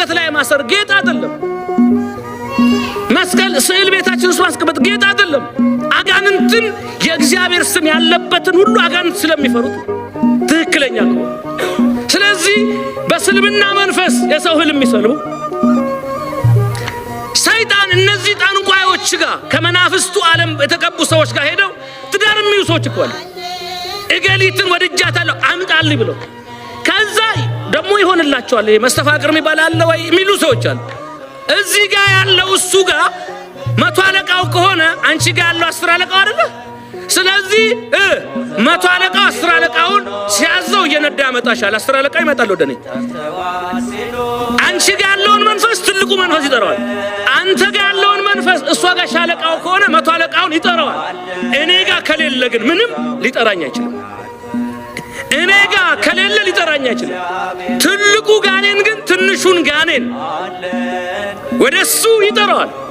አንገት ላይ ማሰር ጌጥ አይደለም። መስቀል ስዕል ቤታችን ውስጥ ማስቀመጥ ጌጥ አይደለም። አጋንንትን የእግዚአብሔር ስም ያለበትን ሁሉ አጋንንት ስለሚፈሩት ትክክለኛ ነው። ስለዚህ በስልምና መንፈስ የሰው ህልም ይሰልቡ ሰይጣን እነዚህ ጠንቋዮች ጋር ከመናፍስቱ ዓለም የተቀቡ ሰዎች ጋር ሄደው ትዳር የሚሉ ሰዎች እኮ አሉ። እገሊትን ወድጃታለሁ አምጣልኝ ብለው ደግሞ ይሆንላቸዋል። መስተፋቅር የሚባል አለ ወይ የሚሉ ሰዎች አሉ። እዚህ ጋር ያለው እሱ ጋር መቶ አለቃው ከሆነ አንቺ ጋር ያለው አስር አለቃው አይደለ? ስለዚህ መቶ አለቃው አስር አለቃውን ሲያዘው እየነዳ ያመጣሻል። አስር አለቃ ይመጣል ወደ እኔ። አንቺ ጋር ያለውን መንፈስ ትልቁ መንፈስ ይጠራዋል። አንተ ጋር ያለውን መንፈስ እሷ ጋር ሻለቃው ከሆነ መቶ አለቃውን ይጠራዋል። እኔ ጋር ከሌለ ግን ምንም ሊጠራኝ አይችልም። እኔ ጋር ከሌለ ሊያገባኝ አይችልም። ትልቁ ጋኔን ግን ትንሹን ጋኔን ወደ እሱ ይጠራዋል።